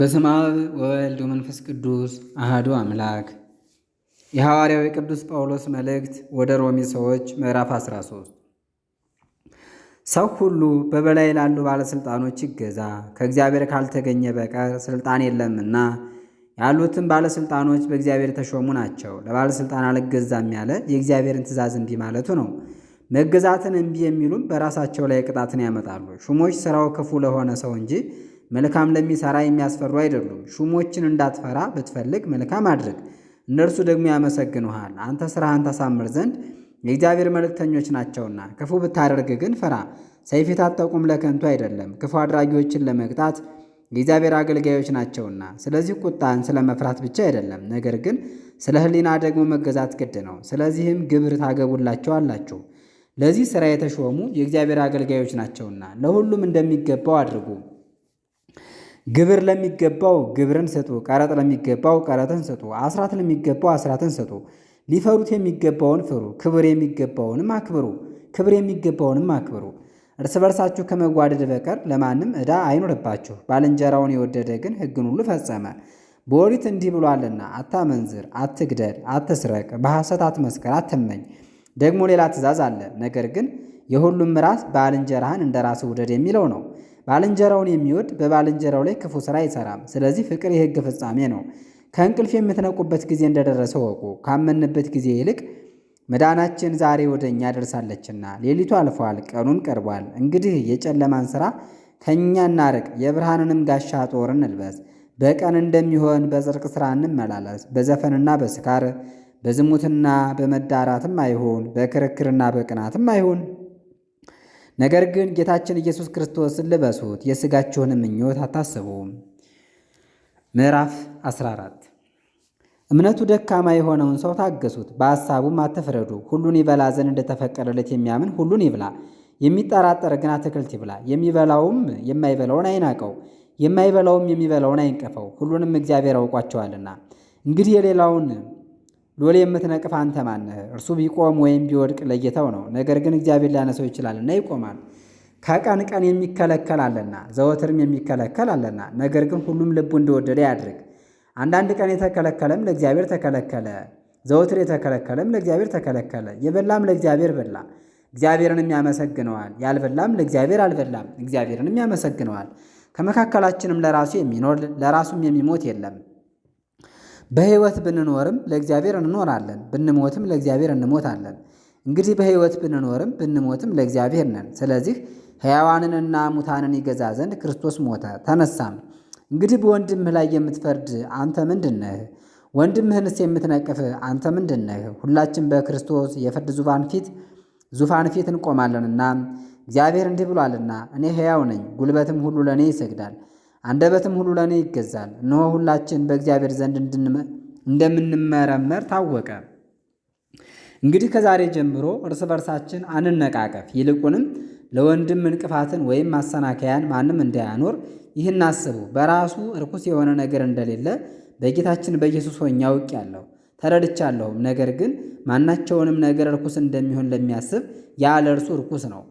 በስመ አብ ወወልድ ወመንፈስ ቅዱስ አህዱ አምላክ። የሐዋርያው የቅዱስ ጳውሎስ መልእክት ወደ ሮሜ ሰዎች ምዕራፍ 13 ሰው ሁሉ በበላይ ላሉ ባለሥልጣኖች ይገዛ፣ ከእግዚአብሔር ካልተገኘ በቀር ሥልጣን የለምና። ያሉትም ባለሥልጣኖች በእግዚአብሔር የተሾሙ ናቸው። ለባለሥልጣን አልገዛም ያለ የእግዚአብሔርን ትእዛዝ እምቢ ማለቱ ነው። መገዛትን እምቢ የሚሉም በራሳቸው ላይ ቅጣትን ያመጣሉ። ሹሞች ሥራው ክፉ ለሆነ ሰው እንጂ መልካም ለሚሰራ የሚያስፈሩ አይደሉም። ሹሞችን እንዳትፈራ ብትፈልግ መልካም አድርግ፣ እነርሱ ደግሞ ያመሰግኑሃል። አንተ ስራህን ታሳምር ዘንድ የእግዚአብሔር መልእክተኞች ናቸውና። ክፉ ብታደርግ ግን ፍራ፣ ሰይፍ የታጠቁም ለከንቱ አይደለም፣ ክፉ አድራጊዎችን ለመቅጣት የእግዚአብሔር አገልጋዮች ናቸውና። ስለዚህ ቁጣን ስለ መፍራት ብቻ አይደለም፣ ነገር ግን ስለ ሕሊና ደግሞ መገዛት ግድ ነው። ስለዚህም ግብር ታገቡላቸው አላችሁ። ለዚህ ሥራ የተሾሙ የእግዚአብሔር አገልጋዮች ናቸውና ለሁሉም እንደሚገባው አድርጉ። ግብር ለሚገባው ግብርን ስጡ፣ ቀረጥ ለሚገባው ቀረጥን ስጡ፣ አስራት ለሚገባው አስራትን ስጡ። ሊፈሩት የሚገባውን ፍሩ፣ ክብር የሚገባውንም አክብሩ፣ ክብር የሚገባውንም አክብሩ። እርስ በርሳችሁ ከመጓደድ በቀር ለማንም ዕዳ አይኖርባችሁ። ባልንጀራውን የወደደ ግን ሕግን ሁሉ ፈጸመ። በኦሪት እንዲህ ብሏልና አታመንዝር፣ አትግደል፣ አትስረቅ፣ በሐሰት አትመስከር፣ አትመኝ። ደግሞ ሌላ ትእዛዝ አለ፣ ነገር ግን የሁሉም ራስ ባልንጀራህን እንደ ራስ ውደድ የሚለው ነው። ባልንጀራውን የሚወድ በባልንጀራው ላይ ክፉ ስራ አይሰራም። ስለዚህ ፍቅር የህግ ፍጻሜ ነው። ከእንቅልፍ የምትነቁበት ጊዜ እንደደረሰ ወቁ። ካመንበት ጊዜ ይልቅ መዳናችን ዛሬ ወደ እኛ ደርሳለችና። ሌሊቱ አልፏል፣ ቀኑም ቀርቧል። እንግዲህ የጨለማን ስራ ከእኛ እናርቅ፣ የብርሃንንም ጋሻ ጦር እንልበስ። በቀን እንደሚሆን በጽርቅ ስራ እንመላለስ። በዘፈንና በስካር በዝሙትና በመዳራትም አይሁን፣ በክርክርና በቅናትም አይሁን። ነገር ግን ጌታችን ኢየሱስ ክርስቶስ ልበሱት፣ የሥጋችሁንም ምኞት አታስቡ። ምዕራፍ 14 እምነቱ ደካማ የሆነውን ሰው ታገሱት፣ በሐሳቡም አትፍረዱ። ሁሉን ይበላ ዘንድ እንደተፈቀደለት የሚያምን ሁሉን ይብላ፣ የሚጠራጠር ግን አትክልት ይብላ። የሚበላውም የማይበላውን አይናቀው፣ የማይበላውም የሚበላውን አይንቀፈው፣ ሁሉንም እግዚአብሔር አውቋቸዋልና። እንግዲህ የሌላውን ሎሌ የምትነቅፍ አንተ ማነህ? እርሱ ቢቆም ወይም ቢወድቅ ለጌታው ነው። ነገር ግን እግዚአብሔር ሊያነሰው ይችላልና ይቆማል። ከቀን ቀን የሚከለከል አለና ዘወትርም የሚከለከል አለና፣ ነገር ግን ሁሉም ልቡ እንደወደደ ያድርግ። አንዳንድ ቀን የተከለከለም ለእግዚአብሔር ተከለከለ፣ ዘወትር የተከለከለም ለእግዚአብሔር ተከለከለ። የበላም ለእግዚአብሔር በላ፣ እግዚአብሔርንም ያመሰግነዋል። ያልበላም ለእግዚአብሔር አልበላም፣ እግዚአብሔርንም ያመሰግነዋል። ከመካከላችንም ለራሱ የሚኖር ለራሱም የሚሞት የለም። በህይወት ብንኖርም ለእግዚአብሔር እንኖራለን፣ ብንሞትም ለእግዚአብሔር እንሞታለን። እንግዲህ በህይወት ብንኖርም ብንሞትም ለእግዚአብሔር ነን። ስለዚህ ሕያዋንንና ሙታንን ይገዛ ዘንድ ክርስቶስ ሞተ ተነሳም። እንግዲህ በወንድምህ ላይ የምትፈርድ አንተ ምንድን ነህ? ወንድምህንስ የምትነቅፍ አንተ ምንድን ነህ? ሁላችን በክርስቶስ የፍርድ ዙፋን ፊት ዙፋን ፊት እንቆማለንና እግዚአብሔር እንዲህ ብሏልና እኔ ሕያው ነኝ፣ ጉልበትም ሁሉ ለእኔ ይሰግዳል አንደበትም ሁሉ ለእኔ ይገዛል። እነሆ ሁላችን በእግዚአብሔር ዘንድ እንደምንመረመር ታወቀ። እንግዲህ ከዛሬ ጀምሮ እርስ በርሳችን አንነቃቀፍ፣ ይልቁንም ለወንድም እንቅፋትን ወይም ማሰናከያን ማንም እንዳያኖር ይህን አስቡ። በራሱ ርኩስ የሆነ ነገር እንደሌለ በጌታችን በኢየሱስ ሆኜ አውቄአለሁ ተረድቻለሁም። ነገር ግን ማናቸውንም ነገር ርኩስ እንደሚሆን ለሚያስብ ያለ እርሱ ርኩስ ነው።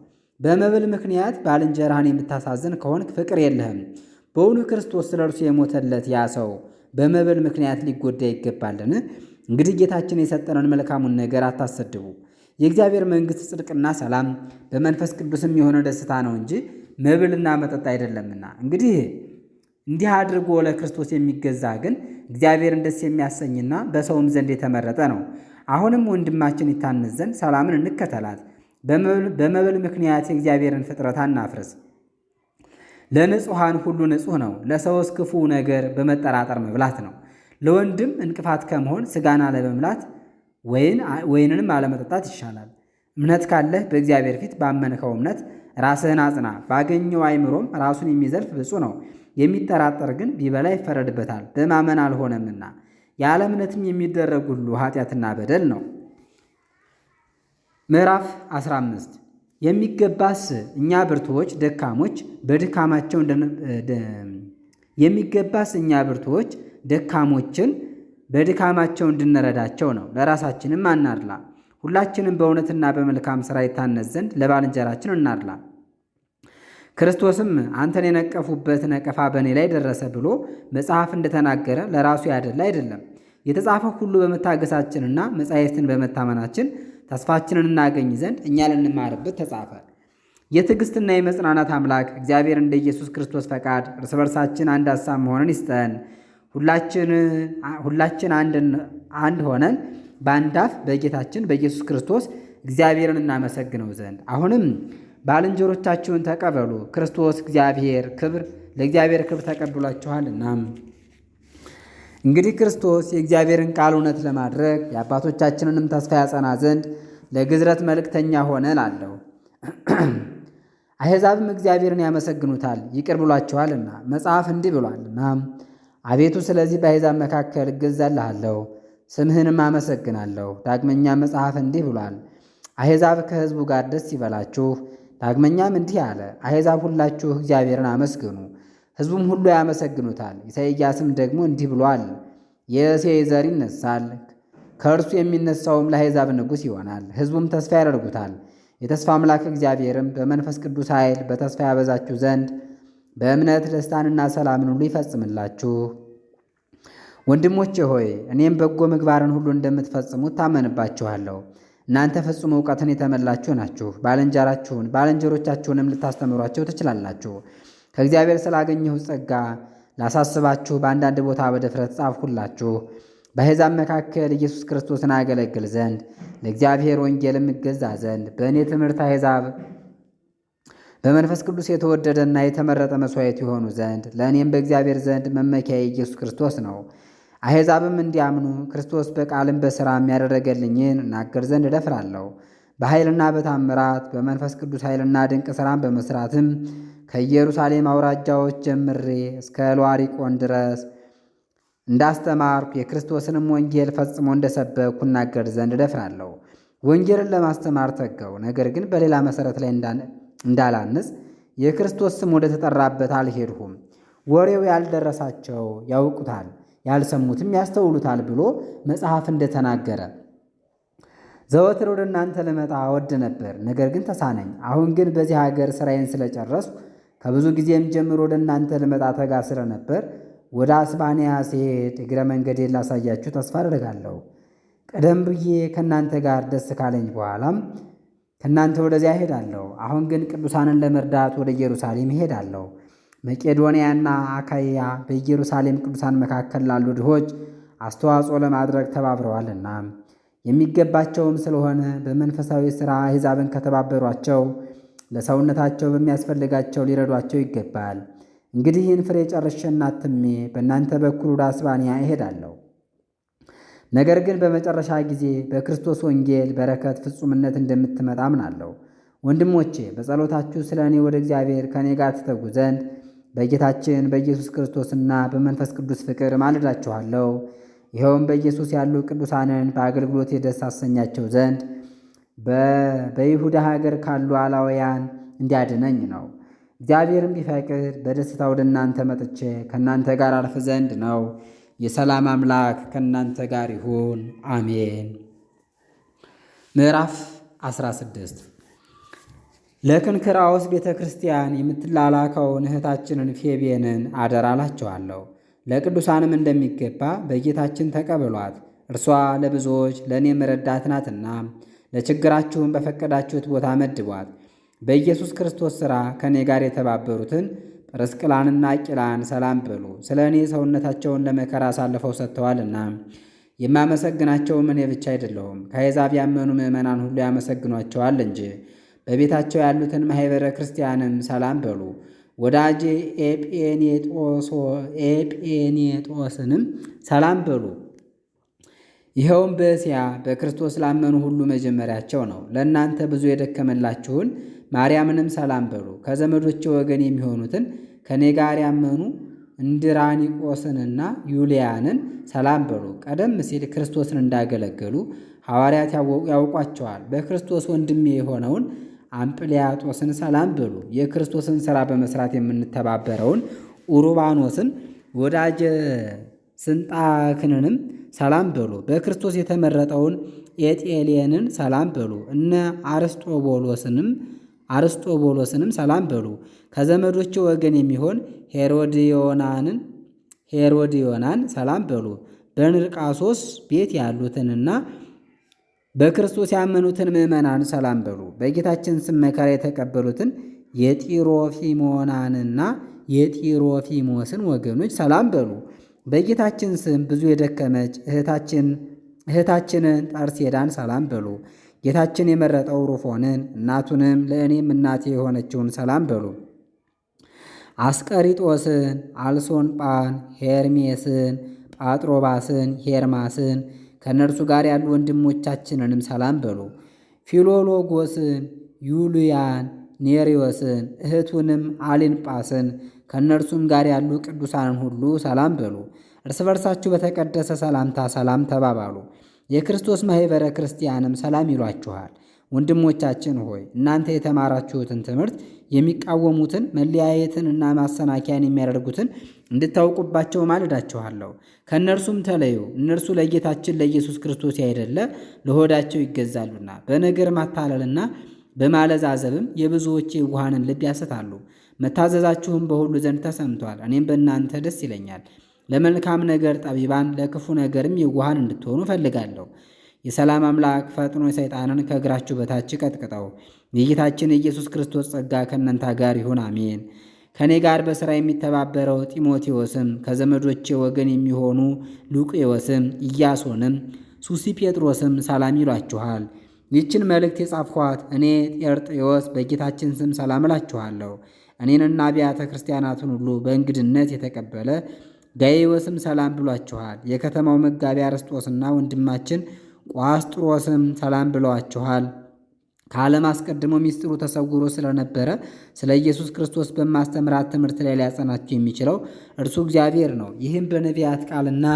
በመብል ምክንያት ባልንጀራህን የምታሳዝን ከሆንክ ፍቅር የለህም። በውኑ ክርስቶስ ስለ እርሱ የሞተለት ያ ሰው በመብል ምክንያት ሊጎዳ ይገባልን? እንግዲህ ጌታችን የሰጠነውን መልካሙን ነገር አታሰድቡ። የእግዚአብሔር መንግሥት ጽድቅና ሰላም በመንፈስ ቅዱስም የሆነ ደስታ ነው እንጂ መብልና መጠጥ አይደለምና። እንግዲህ እንዲህ አድርጎ ለክርስቶስ የሚገዛ ግን እግዚአብሔርን ደስ የሚያሰኝና በሰውም ዘንድ የተመረጠ ነው። አሁንም ወንድማችን ይታነጽ ሰላምን እንከተላት። በመብል ምክንያት የእግዚአብሔርን ፍጥረት አናፍርስ። ለንጹሐን ሁሉ ንጹሕ ነው። ለሰውስ ክፉ ነገር በመጠራጠር መብላት ነው። ለወንድም እንቅፋት ከመሆን ስጋን አለመብላት ወይንንም አለመጠጣት ይሻላል። እምነት ካለህ በእግዚአብሔር ፊት ባመንከው እምነት ራስህን አጽና። ባገኘው አይምሮም ራሱን የሚዘልፍ ብፁ ነው። የሚጠራጠር ግን ቢበላ ይፈረድበታል፣ በማመን አልሆነምና። ያለ እምነትም የሚደረግ ሁሉ ኃጢአትና በደል ነው። ምዕራፍ 15 የሚገባስ እኛ ብርቱዎች ደካሞች በድካማቸው የሚገባስ እኛ ብርቱዎች ደካሞችን በድካማቸው እንድንረዳቸው ነው። ለራሳችንም አናድላ። ሁላችንም በእውነትና በመልካም ሥራ ይታነጽ ዘንድ ለባልንጀራችን እናድላ። ክርስቶስም አንተን የነቀፉበት ነቀፋ በእኔ ላይ ደረሰ ብሎ መጽሐፍ እንደተናገረ ለራሱ ያደላ አይደለም። የተጻፈ ሁሉ በመታገሳችንና መጻሕፍትን በመታመናችን ተስፋችንን እናገኝ ዘንድ እኛ ልንማርበት ተጻፈ። የትዕግስትና የመጽናናት አምላክ እግዚአብሔር እንደ ኢየሱስ ክርስቶስ ፈቃድ እርስ በርሳችን አንድ ሐሳብ መሆንን ይስጠን። ሁላችን አንድ ሆነን በአንድ አፍ በጌታችን በኢየሱስ ክርስቶስ እግዚአብሔርን እናመሰግነው ዘንድ። አሁንም ባልንጀሮቻችሁን ተቀበሉ፣ ክርስቶስ እግዚአብሔር ክብር ለእግዚአብሔር ክብር ተቀብሏችኋልና። እንግዲህ ክርስቶስ የእግዚአብሔርን ቃል እውነት ለማድረግ የአባቶቻችንንም ተስፋ ያጸና ዘንድ ለግዝረት መልእክተኛ ሆነ ላለሁ አሕዛብም እግዚአብሔርን ያመሰግኑታል ይቅር ብሏቸዋልና መጽሐፍ እንዲህ ብሏልና አቤቱ ስለዚህ በአሕዛብ መካከል እገዛልሃለሁ ስምህንም አመሰግናለሁ። ዳግመኛ መጽሐፍ እንዲህ ብሏል አሕዛብ ከሕዝቡ ጋር ደስ ይበላችሁ። ዳግመኛም እንዲህ አለ አሕዛብ ሁላችሁ እግዚአብሔርን አመስግኑ ሕዝቡም ሁሉ ያመሰግኑታል። ኢሳይያስም ደግሞ እንዲህ ብሏል፣ የእሴይ ዘር ይነሳል፣ ከእርሱ የሚነሳውም ለአሕዛብ ንጉሥ ይሆናል። ሕዝቡም ተስፋ ያደርጉታል። የተስፋ አምላክ እግዚአብሔርም በመንፈስ ቅዱስ ኃይል በተስፋ ያበዛችሁ ዘንድ በእምነት ደስታንና ሰላምን ሁሉ ይፈጽምላችሁ። ወንድሞቼ ሆይ እኔም በጎ ምግባርን ሁሉ እንደምትፈጽሙ ታመንባችኋለሁ። እናንተ ፍጹም እውቀትን የተመላችሁ ናችሁ። ባልንጀራችሁን ባልንጀሮቻችሁንም ልታስተምሯቸው ትችላላችሁ። ከእግዚአብሔር ስላገኘሁ ጸጋ ላሳስባችሁ በአንዳንድ ቦታ በድፍረት ጻፍሁላችሁ። በሕዛብ መካከል ኢየሱስ ክርስቶስን አገለግል ዘንድ ለእግዚአብሔር ወንጌልም እገዛ ዘንድ በእኔ ትምህርት አሕዛብ በመንፈስ ቅዱስ የተወደደና የተመረጠ መሥዋዕት የሆኑ ዘንድ ለእኔም በእግዚአብሔር ዘንድ መመኪያ ኢየሱስ ክርስቶስ ነው። አሕዛብም እንዲያምኑ ክርስቶስ በቃልም በሥራ የሚያደረገልኝን እናገር ዘንድ እደፍራለሁ። በኃይልና በታምራት በመንፈስ ቅዱስ ኃይልና ድንቅ ሥራን በመሥራትም ከኢየሩሳሌም አውራጃዎች ጀምሬ እስከ ሏሪቆን ድረስ እንዳስተማርኩ የክርስቶስንም ወንጌል ፈጽሞ እንደሰበኩ እናገር ዘንድ እደፍራለሁ። ወንጌልን ለማስተማር ተገው፣ ነገር ግን በሌላ መሠረት ላይ እንዳላንጽ የክርስቶስ ስም ወደ ተጠራበት አልሄድሁም። ወሬው ያልደረሳቸው ያውቁታል፣ ያልሰሙትም ያስተውሉታል ብሎ መጽሐፍ እንደተናገረ ዘወትር ወደ እናንተ ልመጣ ወድ ነበር፣ ነገር ግን ተሳነኝ። አሁን ግን በዚህ ሀገር ስራዬን ስለጨረስኩ ከብዙ ጊዜም ጀምሮ ወደ እናንተ ልመጣ ተጋ ስለነበር ወደ አስባንያ ሲሄድ እግረ መንገዴን ላሳያችሁ ተስፋ አደርጋለሁ። ቀደም ብዬ ከእናንተ ጋር ደስ ካለኝ በኋላም ከእናንተ ወደዚያ እሄዳለሁ። አሁን ግን ቅዱሳንን ለመርዳት ወደ ኢየሩሳሌም እሄዳለሁ። መቄዶንያና አካይያ በኢየሩሳሌም ቅዱሳን መካከል ላሉ ድሆች አስተዋጽኦ ለማድረግ ተባብረዋልና የሚገባቸውም ስለሆነ በመንፈሳዊ ሥራ አሕዛብን ከተባበሯቸው ለሰውነታቸው በሚያስፈልጋቸው ሊረዷቸው ይገባል። እንግዲህ ይህን ፍሬ ጨርሼ እናትሜ በእናንተ በኩል ወደ አስባንያ እሄዳለሁ። ነገር ግን በመጨረሻ ጊዜ በክርስቶስ ወንጌል በረከት ፍጹምነት እንደምትመጣ አምናለሁ። ወንድሞቼ በጸሎታችሁ ስለ እኔ ወደ እግዚአብሔር ከእኔ ጋር ትተጉ ዘንድ በጌታችን በኢየሱስ ክርስቶስና በመንፈስ ቅዱስ ፍቅር ማልዳችኋለሁ። ይኸውም በኢየሱስ ያሉ ቅዱሳንን በአገልግሎት የደስ አሰኛቸው ዘንድ በይሁዳ ሀገር ካሉ አላውያን እንዲያድነኝ ነው። እግዚአብሔርም ቢፈቅድ በደስታ ወደ እናንተ መጥቼ ከእናንተ ጋር አልፍ ዘንድ ነው። የሰላም አምላክ ከእናንተ ጋር ይሁን፣ አሜን። ምዕራፍ 16 ለክንክራውስ ቤተ ክርስቲያን የምትላላከውን እህታችንን ፌቤንን አደራ አላቸዋለሁ። ለቅዱሳንም እንደሚገባ በጌታችን ተቀበሏት። እርሷ ለብዙዎች ለእኔም ረዳት ናትና ለችግራችሁም በፈቀዳችሁት ቦታ መድቧት። በኢየሱስ ክርስቶስ ሥራ ከእኔ ጋር የተባበሩትን ጵርስቅላንና አቂላን ሰላም በሉ። ስለ እኔ ሰውነታቸውን ለመከራ አሳልፈው ሰጥተዋልና የማመሰግናቸውም እኔ ብቻ አይደለሁም፣ ከአሕዛብ ያመኑ ምዕመናን ሁሉ ያመሰግኗቸዋል እንጂ። በቤታቸው ያሉትን ማኅበረ ክርስቲያንም ሰላም በሉ። ወዳጄ ኤጴኔጦስንም ሰላም በሉ። ይኸውም በእስያ በክርስቶስ ላመኑ ሁሉ መጀመሪያቸው ነው። ለእናንተ ብዙ የደከመላችሁን ማርያምንም ሰላም በሉ። ከዘመዶች ወገን የሚሆኑትን ከእኔ ጋር ያመኑ እንድራኒቆስንና ዩልያንን ሰላም በሉ። ቀደም ሲል ክርስቶስን እንዳገለገሉ ሐዋርያት ያውቋቸዋል። በክርስቶስ ወንድሜ የሆነውን አምጵልያጦስን ሰላም በሉ። የክርስቶስን ሥራ በመሥራት የምንተባበረውን ኡሩባኖስን ወዳጀ ስንጣክንንም ሰላም በሉ። በክርስቶስ የተመረጠውን ኤጤሌንን ሰላም በሉ። እነ አርስጦቦሎስንም አርስጦቦሎስንም ሰላም በሉ። ከዘመዶች ወገን የሚሆን ሄሮድዮናንን ሄሮድዮናን ሰላም በሉ። በንርቃሶስ ቤት ያሉትንና በክርስቶስ ያመኑትን ምዕመናን ሰላም በሉ። በጌታችን ስም መከራ የተቀበሉትን የጢሮፊሞናንና የጢሮፊሞስን ወገኖች ሰላም በሉ። በጌታችን ስም ብዙ የደከመች እህታችንን ጣርሴዳን ሰላም በሉ። ጌታችን የመረጠው ሩፎንን እናቱንም ለእኔም እናቴ የሆነችውን ሰላም በሉ። አስቀሪጦስን፣ አልሶንጳን፣ ሄርሜስን፣ ጳጥሮባስን፣ ሄርማስን ከእነርሱ ጋር ያሉ ወንድሞቻችንንም ሰላም በሉ። ፊሎሎጎስን፣ ዩልያን፣ ኔሪዮስን፣ እህቱንም አሊንጳስን ከእነርሱም ጋር ያሉ ቅዱሳንን ሁሉ ሰላም በሉ። እርስ በርሳችሁ በተቀደሰ ሰላምታ ሰላም ተባባሉ። የክርስቶስ ማኅበረ ክርስቲያንም ሰላም ይሏችኋል። ወንድሞቻችን ሆይ እናንተ የተማራችሁትን ትምህርት የሚቃወሙትን መለያየትን እና ማሰናከያን የሚያደርጉትን እንድታውቁባቸው ማልዳችኋለሁ። ከእነርሱም ተለዩ። እነርሱ ለጌታችን ለኢየሱስ ክርስቶስ ያይደለ ለሆዳቸው ይገዛሉና በነገር ማታለልና በማለዛዘብም የብዙዎች የዋሃንን ልብ ያስታሉ። መታዘዛችሁም በሁሉ ዘንድ ተሰምቷል። እኔም በእናንተ ደስ ይለኛል። ለመልካም ነገር ጠቢባን፣ ለክፉ ነገርም የዋሃን እንድትሆኑ እፈልጋለሁ። የሰላም አምላክ ፈጥኖ ሰይጣንን ከእግራችሁ በታች ቀጥቅጠው። የጌታችን የኢየሱስ ክርስቶስ ጸጋ ከእናንተ ጋር ይሁን፣ አሜን። ከእኔ ጋር በሥራ የሚተባበረው ጢሞቴዎስም ከዘመዶቼ ወገን የሚሆኑ ሉቄዎስም፣ ኢያሶንም፣ ሱሲ ጴጥሮስም ሰላም ይሏችኋል። ይችን መልእክት የጻፍኋት እኔ ጤርጥዮስ በጌታችን ስም ሰላም እላችኋለሁ። እኔንና አብያተ ክርስቲያናትን ሁሉ በእንግድነት የተቀበለ ጋይዮስም ሰላም ብሏችኋል። የከተማው መጋቢ አርስጦስና ወንድማችን ቋስጥሮስም ሰላም ብለዋችኋል። ከዓለም አስቀድሞ ሚስጥሩ ተሰውሮ ስለነበረ ስለ ኢየሱስ ክርስቶስ በማስተምራት ትምህርት ላይ ሊያጸናቸው የሚችለው እርሱ እግዚአብሔር ነው። ይህም በነቢያት ቃልና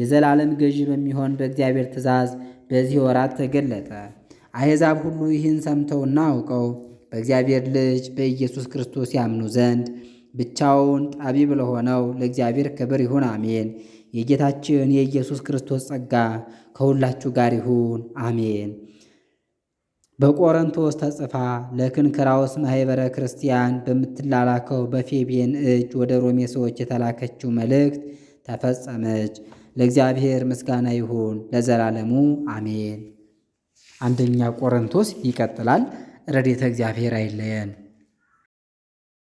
የዘላለም ገዢ በሚሆን በእግዚአብሔር ትእዛዝ በዚህ ወራት ተገለጠ። አሕዛብ ሁሉ ይህን ሰምተውና አውቀው በእግዚአብሔር ልጅ በኢየሱስ ክርስቶስ ያምኑ ዘንድ ብቻውን ጣቢ ለሆነው ለእግዚአብሔር ክብር ይሁን፣ አሜን። የጌታችን የኢየሱስ ክርስቶስ ጸጋ ከሁላችሁ ጋር ይሁን፣ አሜን። በቆሮንቶስ ተጽፋ ለክንክራውስ ማኅበረ ክርስቲያን በምትላላከው በፌቤን እጅ ወደ ሮሜ ሰዎች የተላከችው መልእክት ተፈጸመች። ለእግዚአብሔር ምስጋና ይሁን ለዘላለሙ አሜን። አንደኛ ቆሮንቶስ ይቀጥላል። ረድኤተ እግዚአብሔር አይለየን።